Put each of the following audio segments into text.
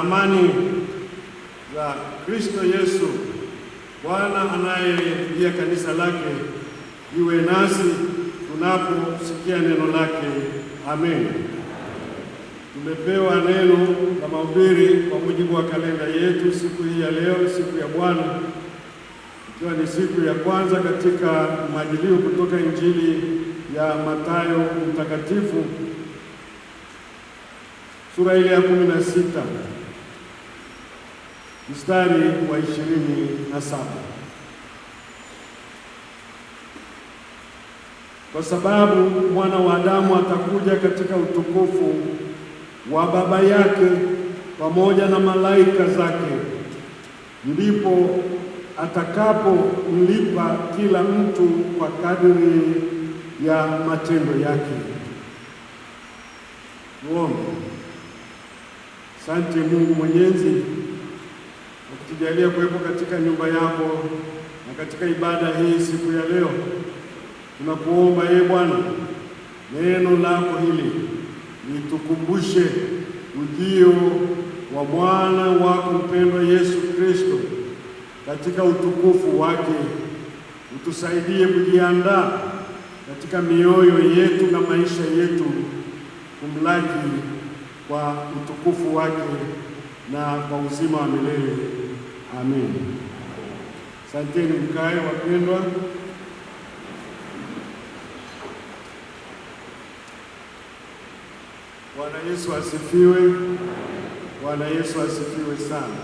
amani za Kristo Yesu Bwana anayelilia kanisa lake iwe nasi tunaposikia neno lake. Amen. Tumepewa neno la mahubiri kwa mujibu wa kalenda yetu siku hii ya leo, siku ya Bwana, ikiwa ni siku ya kwanza katika majilio kutoka Injili ya Mathayo Mtakatifu sura ile ya kumi na sita mstari wa ishirini na saba kwa sababu mwana wa Adamu atakuja katika utukufu wa Baba yake pamoja na malaika zake, ndipo atakapomlipa kila mtu kwa kadiri ya matendo yake. Tuombe. Asante Mungu Mwenyezi na kutujalia kuwepo katika nyumba yako na katika ibada hii siku ya leo. Tunakuomba ee Bwana, neno lako hili litukumbushe ujio wa mwana wako mpendwa Yesu Kristo katika utukufu wake, utusaidie kujiandaa katika mioyo yetu na maisha yetu kumlaki kwa utukufu wake na kwa uzima wa milele amen. Asanteni, mkae wapendwa. Bwana Yesu asifiwe. Bwana Yesu asifiwe sana.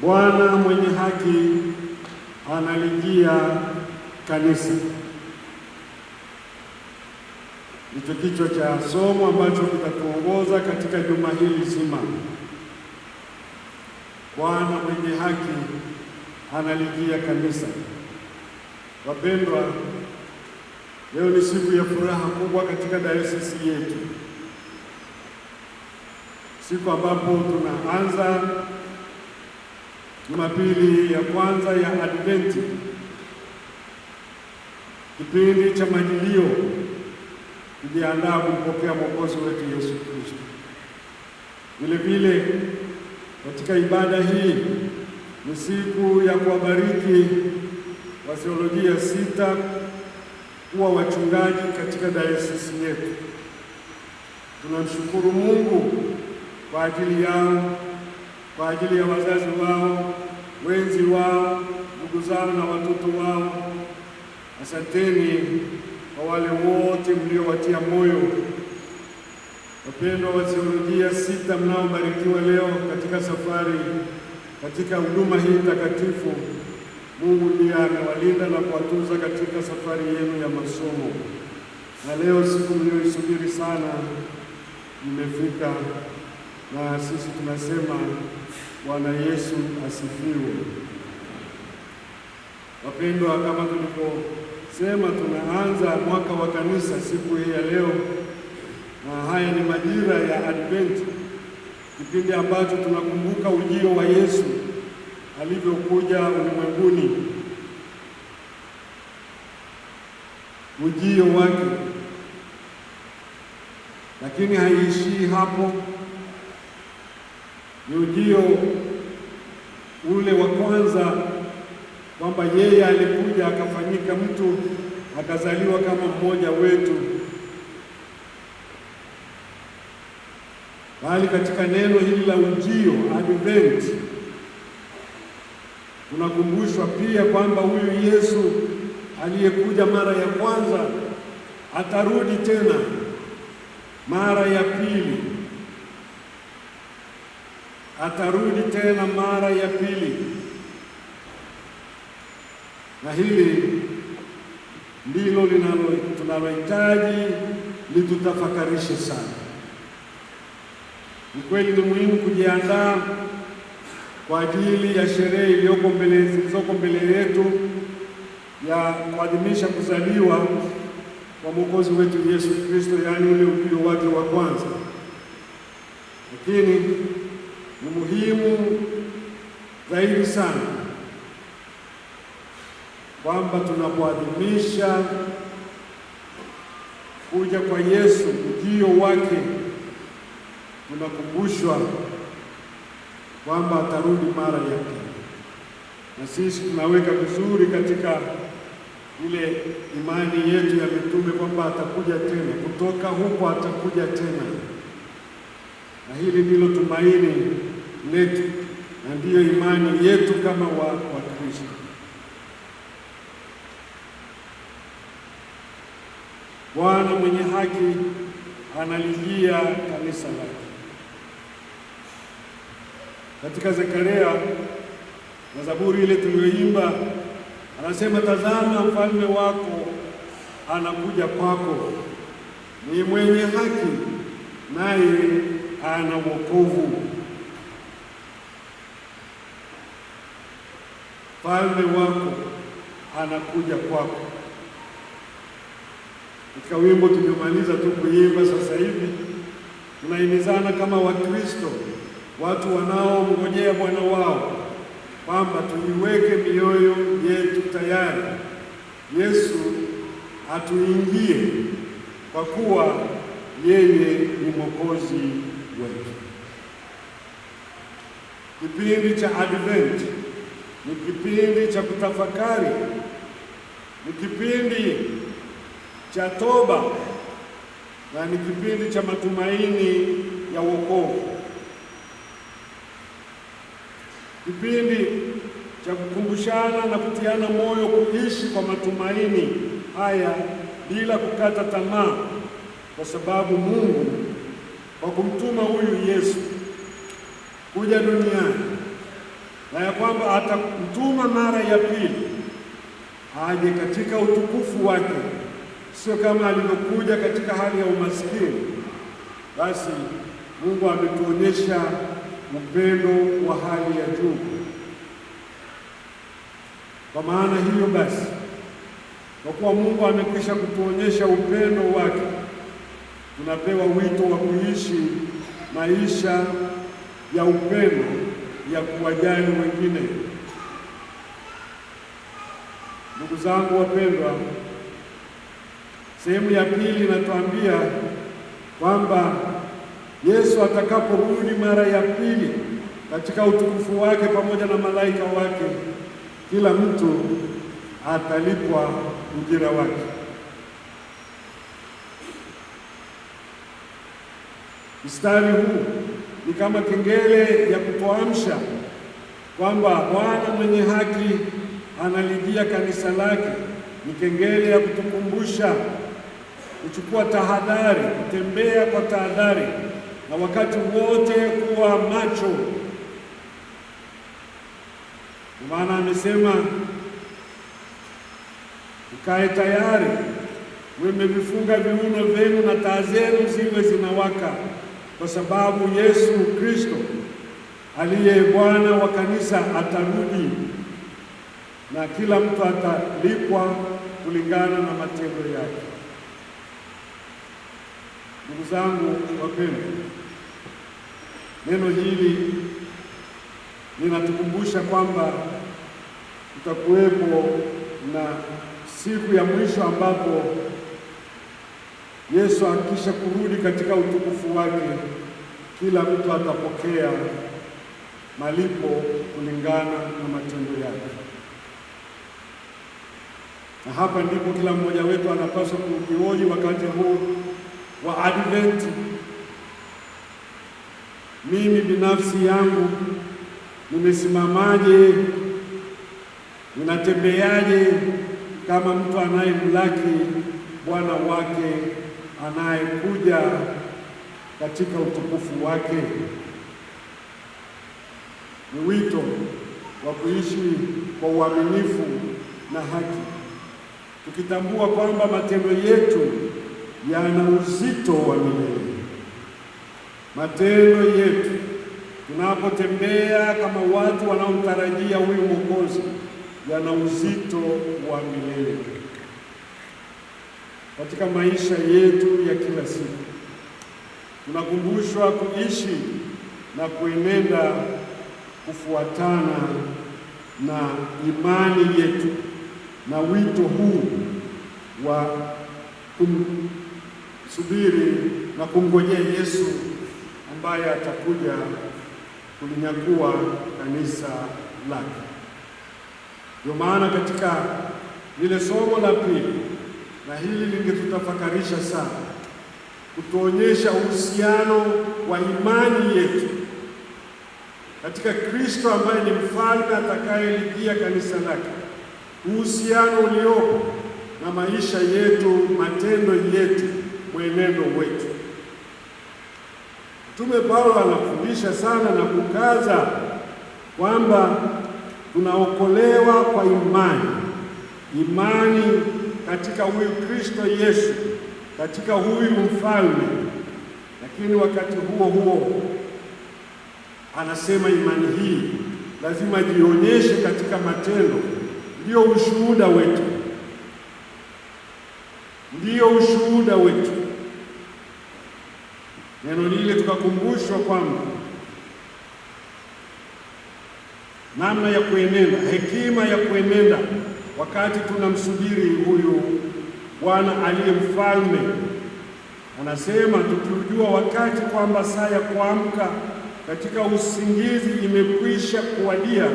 Bwana mwenye haki analijia kanisa ndicho kichwa cha somo ambacho kitatuongoza katika juma hili zima. Bwana mwenye haki analijia kanisa. Wapendwa, leo ni siku ya furaha kubwa katika dayosisi yetu, siku ambapo tunaanza Jumapili ya kwanza ya Adventi, kipindi cha Majilio kujiandaa kumpokea mwokozi wetu Yesu Kristo. Vile vile katika ibada hii ni siku ya kuwabariki wasiolojia sita kuwa wachungaji katika dayosisi yetu. Tunamshukuru Mungu kwa ajili yao, kwa ajili ya wazazi wao, wenzi wao, ndugu zao na watoto wao. Asanteni kwa wale wote mliowatia moyo. Wapendwa wa Theolojia Sita mnaobarikiwa leo katika safari, katika huduma hii takatifu, Mungu ndiye amewalinda na kuwatunza katika safari yenu ya masomo, na leo siku mliyoisubiri sana imefika, na sisi tunasema Bwana Yesu asifiwe. Wapendwa, kama tulipo sema tunaanza mwaka wa kanisa siku hii ya leo, na haya ni majira ya Advent, kipindi ambacho tunakumbuka ujio wa Yesu alivyokuja ulimwenguni, ujio wake. Lakini haiishii hapo, ni ujio ule wa kwanza kwamba yeye alikuja akafanyika mtu akazaliwa kama mmoja wetu, bali katika neno hili la ujio advent, tunakumbushwa pia kwamba huyu Yesu aliyekuja mara ya kwanza atarudi tena mara ya pili, atarudi tena mara ya pili na hili ndilo tunalohitaji litutafakarishe sana. Ni kweli ni muhimu kujiandaa kwa ajili ya sherehe iliyoko mbele zilizoko mbele yetu ya kuadhimisha kuzaliwa kwa Mwokozi wetu Yesu Kristo, yaani ule ujio wake wa kwanza. Lakini ni muhimu zaidi sana kwamba tunapoadhimisha kuja kwa Yesu, ujio wake, tunakumbushwa kwamba atarudi mara ya pili, na sisi tunaweka vizuri katika ile imani yetu ya mitume kwamba atakuja tena, kutoka huko atakuja tena, na hili ndilo tumaini letu na ndiyo imani yetu kama wa, wa Bwana mwenye haki analijia kanisa lake. Katika Zekaria na Zaburi ile tuliyoimba, anasema tazama, mfalme wako anakuja kwako, ni mwenye haki naye ana wokovu. Mfalme wako anakuja kwako katika wimbo tumemaliza tu kuimba sasa hivi, tunahimizana kama Wakristo, watu wanaomngojea Bwana wao kwamba tuiweke mioyo yetu tayari Yesu atuingie, kwa kuwa yeye ni mwokozi wetu. Kipindi cha Advent ni kipindi cha kutafakari, ni kipindi cha toba na ni kipindi cha matumaini ya wokovu, kipindi cha kukumbushana na kutiana moyo kuishi kwa matumaini haya bila kukata tamaa, kwa sababu Mungu kwa kumtuma huyu Yesu kuja duniani na ya kwamba atamtuma mara ya pili aje katika utukufu wake sio kama alivyokuja katika hali ya umaskini. Basi Mungu ametuonyesha upendo wa hali ya juu. Kwa maana hiyo basi, kwa kuwa Mungu amekwisha kutuonyesha upendo wake, tunapewa wito wa kuishi maisha ya upendo ya kuwajali wengine. Ndugu zangu wapendwa Sehemu ya pili inatuambia kwamba Yesu atakaporudi mara ya pili katika utukufu wake pamoja na malaika wake, kila mtu atalipwa ujira wake. Mstari huu ni kama kengele ya kutuamsha kwamba Bwana mwenye haki analijia kanisa lake, ni kengele ya kutukumbusha kuchukua tahadhari, kutembea kwa tahadhari, na wakati wote kuwa macho. Kwa maana amesema mkae tayari, mmevifunga viuno vyenu na taa zenu ziwe zinawaka, kwa sababu Yesu Kristo aliye Bwana wa kanisa atarudi, na kila mtu atalipwa kulingana na matendo yake. Ndugu zangu wapendwa, neno hili linatukumbusha kwamba tutakuwepo na siku ya mwisho ambapo Yesu akisha kurudi katika utukufu wake, kila mtu atapokea malipo kulingana na matendo yake, na hapa ndipo kila mmoja wetu anapaswa kujihoji wakati huu wa Adventi. Mimi binafsi yangu nimesimamaje? Ninatembeaje kama mtu anayemlaki Bwana wake anayekuja katika utukufu wake? Ni wito wa kuishi kwa uaminifu na haki, tukitambua kwamba matendo yetu yana uzito wa milele. Matendo yetu tunapotembea kama watu wanaomtarajia huyu Mwokozi yana uzito wa milele katika maisha yetu ya kila siku. Tunakumbushwa kuishi na kuenenda kufuatana na imani yetu na wito huu wa subiri na kumgojea Yesu ambaye atakuja kulinyakua kanisa lake. Ndio maana katika lile somo la pili, na hili lingetutafakarisha sana, kutuonyesha uhusiano wa imani yetu katika Kristo ambaye ni mfalme atakayeligia kanisa lake, uhusiano uliopo na maisha yetu, matendo yetu mwenendo wetu. Mtume Paulo anafundisha sana na kukaza kwamba tunaokolewa kwa imani, imani katika huyu Kristo Yesu, katika huyu mfalme. Lakini wakati huo huo anasema imani hii lazima jionyeshe katika matendo, ndiyo ushuhuda wetu ndiyo ushuhuda wetu. Neno lile tukakumbushwa kwamba namna ya kuenenda, hekima ya kuenenda wakati tunamsubiri huyu Bwana aliye mfalme. Anasema tukiujua wakati kwamba saa ya kuamka katika usingizi imekwisha kuwadia,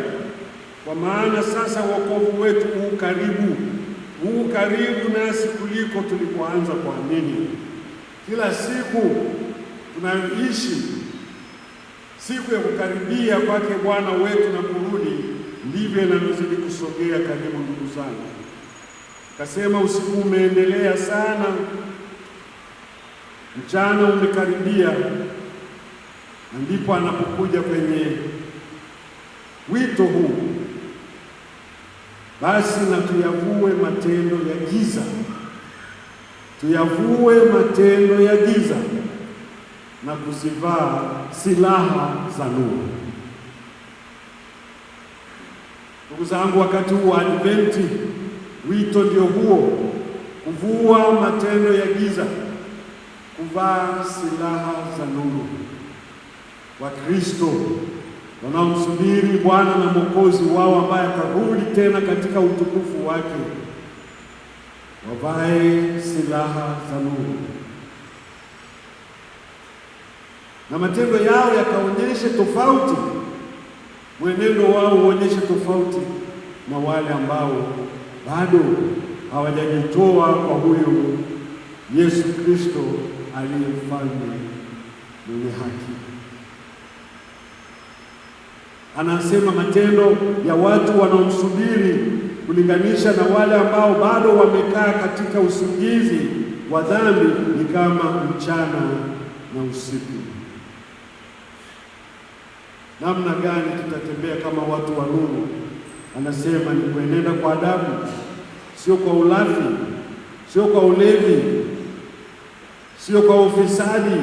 kwa maana sasa wokovu wetu huu karibu huu karibu nasi kuliko tulipoanza kuamini. Kila siku tunayoishi, siku ya kukaribia kwake Bwana wetu na kurudi, ndivyo inavyozidi kusogea karibu. Ndugu zangu, kasema usiku umeendelea sana, mchana umekaribia, na ndipo anapokuja kwenye wito huu basi na tuyavue matendo ya giza, tuyavue matendo ya giza na kuzivaa silaha za nuru. Ndugu zangu, wakati huu wa Adventi, wito ndio huo, kuvua matendo ya giza, kuvaa silaha za nuru. Wakristo wanaomsubiri Bwana na Mwokozi wao ambaye atarudi tena katika utukufu wake, wavae silaha za nuru, na matendo yao yakaonyeshe tofauti, mwenendo wao uonyeshe tofauti na wale ambao bado hawajajitoa kwa huyu Yesu Kristo aliye mfalme mwenye haki. Anasema matendo ya watu wanaomsubiri kulinganisha na wale ambao bado wamekaa katika usingizi wa dhambi ni kama mchana na usiku. Namna gani tutatembea kama watu wa nuru? Anasema ni kuenenda kwa adabu, sio kwa ulafi, sio kwa ulevi, sio kwa ufisadi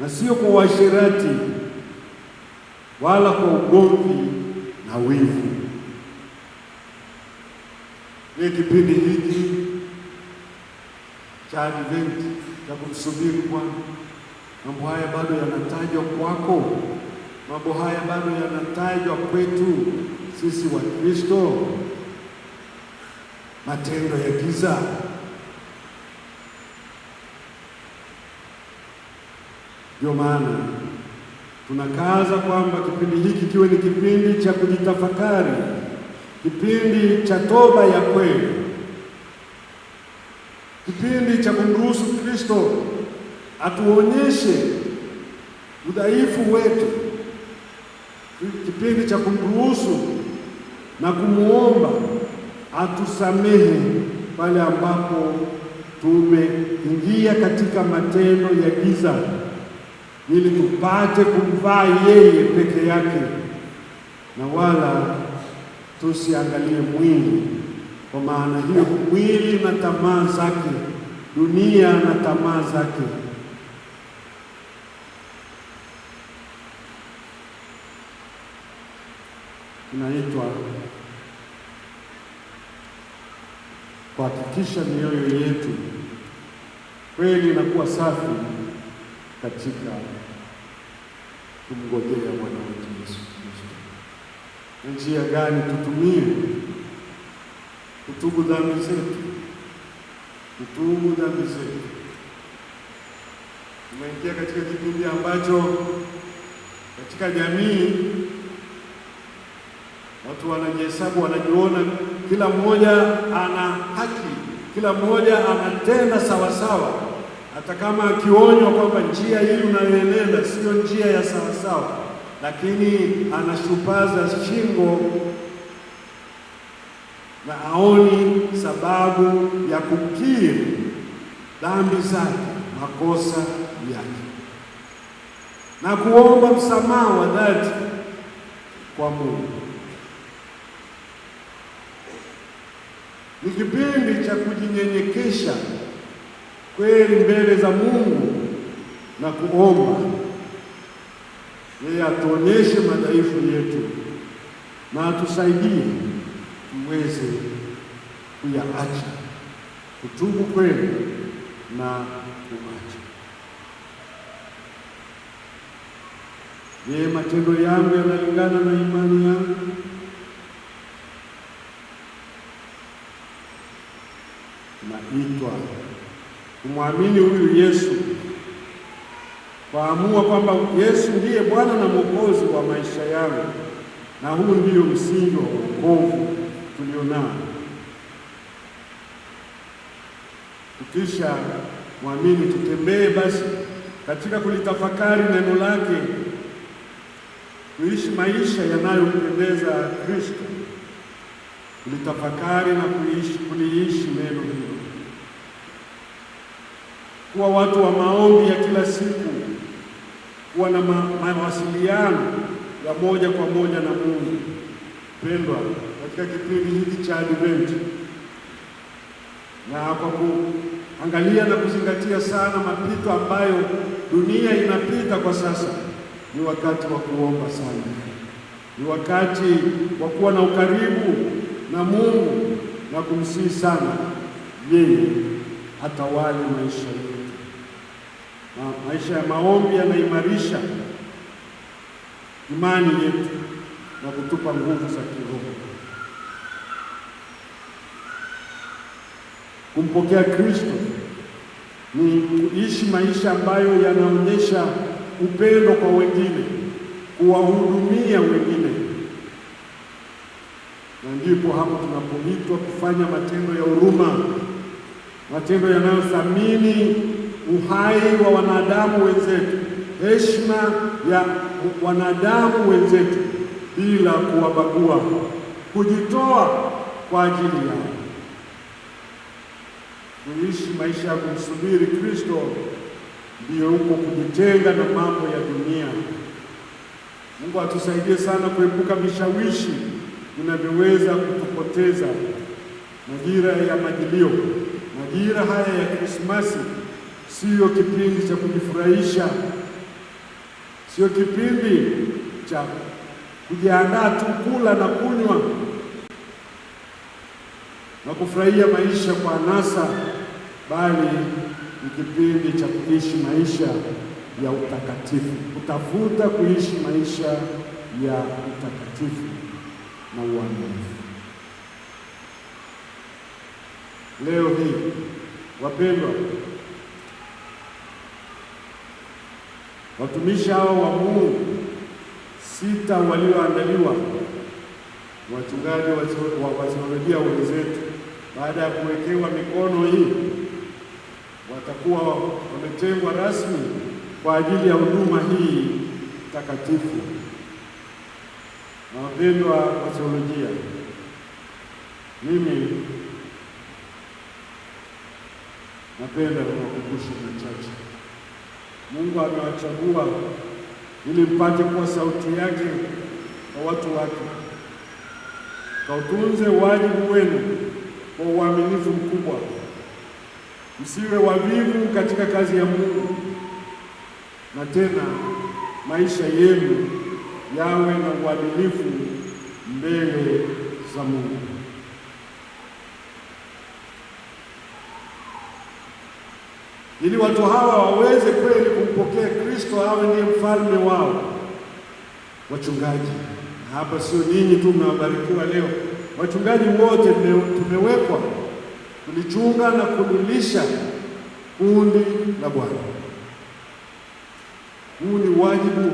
na sio kwa uasherati wala kwa ugomvi na wivu. Ni kipindi hiki cha Adventi cha kumsubiri Bwana. Mambo haya bado yanatajwa kwako, mambo haya bado yanatajwa kwetu sisi wa Kristo. Matendo ya giza ndio maana Tunakaza kwamba kipindi hiki kiwe ni kipindi cha kujitafakari, kipindi cha toba ya kweli, kipindi cha kumruhusu Kristo atuonyeshe udhaifu wetu, kipindi cha kumruhusu na kumwomba atusamehe pale ambapo tumeingia katika matendo ya giza ili tupate kumvaa yeye peke yake na wala tusiangalie mwili. Kwa maana hiyo, mwili na tamaa zake, dunia na tamaa zake inaitwa kuhakikisha mioyo yetu kweli inakuwa safi katika kumgojea Bwana wetu Yesu Kristo. Ni njia gani tutumie kutubu dhambi zetu? Kutubu dhambi zetu. Tumeingia katika kipindi ambacho katika jamii watu wanajihesabu, wanajiona, kila mmoja ana haki, kila mmoja anatenda sawasawa hata kama akionywa kwamba njia hii unayoenenda siyo njia ya sawasawa, lakini anashupaza shingo na aoni sababu ya kukiri dhambi zake, makosa yake, na kuomba msamaha wa dhati kwa Mungu. Ni kipindi cha kujinyenyekesha kweli mbele za Mungu na kuomba yeye atuonyeshe madhaifu yetu na atusaidie tuweze kuyaacha, kutubu kweli na kuacha. Je, matendo yangu yanalingana na imani yangu? Tunaitwa kumwamini huyu Yesu, waamua kwamba Yesu ndiye Bwana na Mwokozi wa maisha yangu, na huu ndiyo msingi wa wokovu tulionao. Kisha mwamini, tutembee basi katika kulitafakari neno lake, kuishi maisha yanayompendeza Kristo, kulitafakari na kuliishi neno hilo kuwa watu wa maombi ya kila siku, kuwa na mawasiliano ya moja kwa moja na Mungu. Pendwa, katika kipindi hiki cha Adventi na kwa kuangalia na kuzingatia sana mapito ambayo dunia inapita kwa sasa, ni wakati wa kuomba sana, ni wakati wa kuwa na ukaribu na Mungu na kumsihi sana yeye atawale maisha yetu. Ma, maisha ya maombi yanaimarisha imani yetu na kutupa nguvu za kiroho. Kumpokea Kristo ni kuishi maisha ambayo yanaonyesha upendo kwa wengine, kuwahudumia wengine, na ndipo hapo tunapoitwa kufanya matendo ya huruma, matendo yanayothamini uhai wa wanadamu wenzetu, heshima ya wanadamu wenzetu bila kuwabagua, kujitoa kwa ajili yao. Kuishi maisha ya kumsubiri Kristo ndiyo huko kujitenga na mambo ya dunia. Mungu atusaidie sana kuepuka vishawishi vinavyoweza kutupoteza. Majira ya Majilio, majira haya ya Krismasi siyo kipindi cha kujifurahisha, siyo kipindi cha kujiandaa tu kula na kunywa na kufurahia maisha kwa anasa, bali ni kipindi cha kuishi maisha ya utakatifu, kutafuta kuishi maisha ya utakatifu na uaminifu. Leo hii wapendwa Watumishi hao wa Mungu sita walioandaliwa wachungaji wa wasiolojia wenzetu, baada ya kuwekewa mikono hii, watakuwa wametengwa rasmi kwa ajili ya huduma hii takatifu. Na wapendwa wasiolojia, mimi napenda kuwakumbusha machache Mungu amewachagua ili mpate kuwa sauti yake kwa watu wake. Kautunze wajibu wenu kwa uaminifu mkubwa. Msiwe wavivu katika kazi ya Mungu, na tena maisha yenu yawe na uadilifu mbele za Mungu. ili watu hawa waweze kweli kumpokea Kristo awe ndiye mfalme wao. Wachungaji, na hapa sio nyinyi tu mnawabarikiwa leo, wachungaji wote tumewekwa kulichunga na kudulisha kundi la Bwana. Huu ni wajibu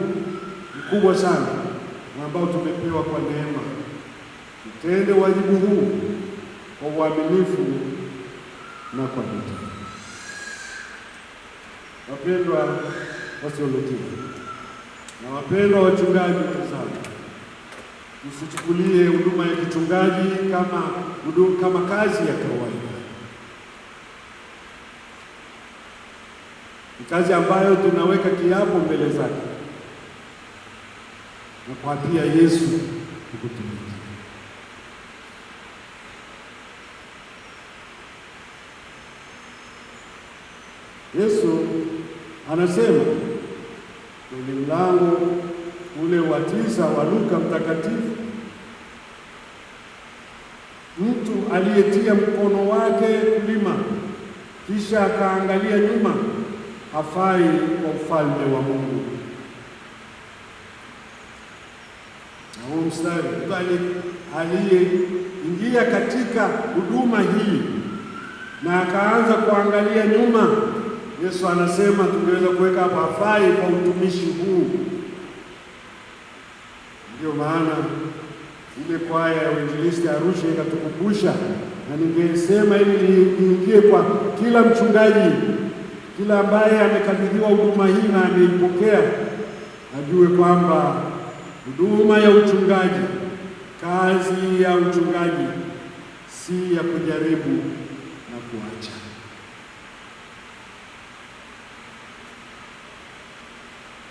mkubwa sana ambao tumepewa kwa neema. Tutende wajibu huu kwa uaminifu na kwa bidii wapendwa wasiolojia na wapendwa wachungaji wenzangu, msichukulie huduma ya kichungaji kama huduma kama kazi ya kawaida. Ni kazi ambayo tunaweka kiapo mbele zake na kuapia Yesu kukutumikia. anasema kwenye mlango ule wa tisa wa Luka Mtakatifu, mtu aliyetia mkono wake kulima kisha akaangalia nyuma hafai kwa ufalme wa Mungu. Na huo mstari, mtu aliyeingia katika huduma hii na akaanza kuangalia nyuma Yesu anasema tungeweza kuweka hapa hafai kwa utumishi huu. Ndiyo maana ile kwaya ya uinjilisti Arusha ikatukumbusha, na ningesema ili niingie kwa kila mchungaji, kila ambaye amekabidhiwa huduma hii na ameipokea, ajue kwamba huduma ya uchungaji, kazi ya uchungaji si ya kujaribu na kuacha.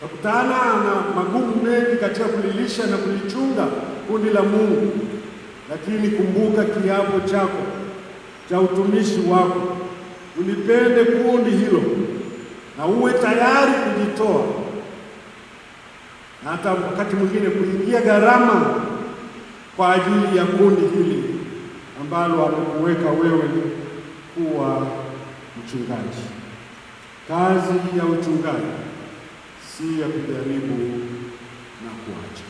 Nakutana na magumu mengi katika kulilisha na kulichunga kundi la Mungu, lakini kumbuka kiapo chako cha utumishi wako, ulipende kundi hilo na uwe tayari kujitoa na hata wakati mwingine kuingia gharama kwa ajili ya kundi hili ambalo amekuweka wewe kuwa mchungaji. Kazi ya uchungaji si ya kujaribu na kuacha.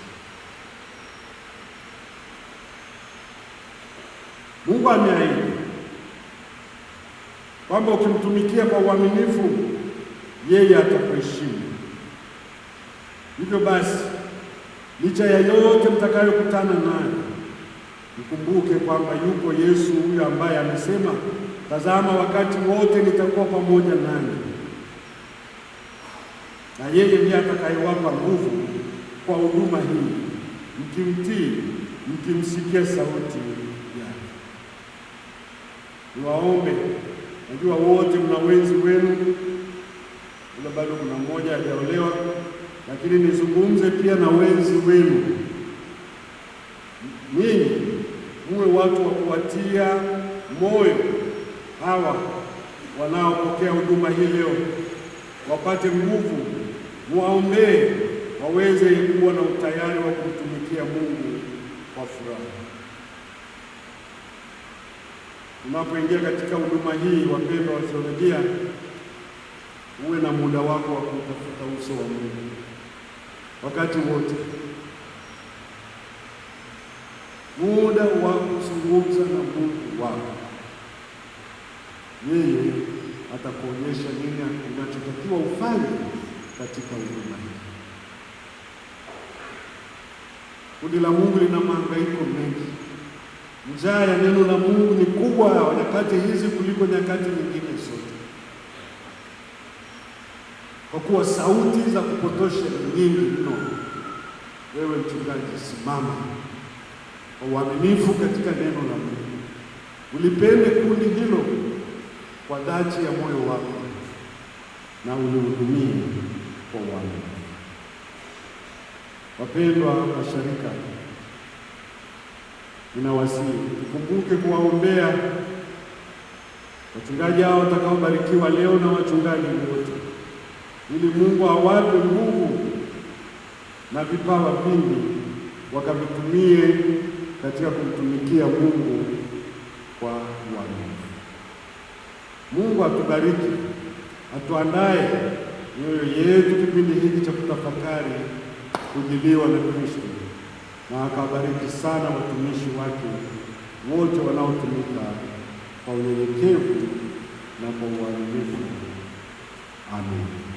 Mungu ameahidi kwamba ukimtumikia kwa uaminifu, yeye atakuheshimu. Hivyo basi, licha ya yote mtakayokutana naye, mkumbuke kwamba yuko Yesu huyo ambaye amesema, tazama, wakati wote nitakuwa pamoja nanyi na yeye ndiye atakayewapa nguvu kwa huduma hii, mkimtii, mkimsikia sauti yake. Niwaombe, najua wote mna wenzi wenu, ila bado kuna mmoja hajaolewa, lakini nizungumze pia na wenzi wenu. Nyinyi muwe watu wa kuwatia moyo hawa wanaopokea huduma hii leo, wapate nguvu muwaombee waweze kuwa na utayari wa kumtumikia Mungu kwa furaha. Unapoingia katika huduma hii, wapendwa wa theolojia, uwe na muda wako wa kutafuta uso wa Mungu wakati wote, muda wa kuzungumza na Mungu wako. Yeye atakuonyesha nini unachotakiwa ufanye katika huduma hii. Kundi la Mungu lina mahangaiko mengi. Njaa ya neno la Mungu ni kubwa wa nyakati hizi kuliko nyakati nyingine zote, kwa kuwa sauti za kupotosha ni nyingi mno. Wewe mchungaji, simama kwa uaminifu katika neno la Mungu, ulipende kundi hilo kwa dhati ya moyo wako na ulihudumie kwa uaminifu. Wapendwa masharika, ninawasihi tukumbuke kuwaombea wachungaji hao watakaobarikiwa leo na wachungaji wote, ili Mungu awape nguvu na vipawa vingi wakavitumie katika kumtumikia Mungu kwa uaminifu. Mungu atubariki, atuandae mioyo yetu kipindi hiki cha kutafakari kujiliwa na Kristo, na akabariki sana watumishi wake wote wanaotumika kwa unyenyekevu na kwa uaminifu. Amen.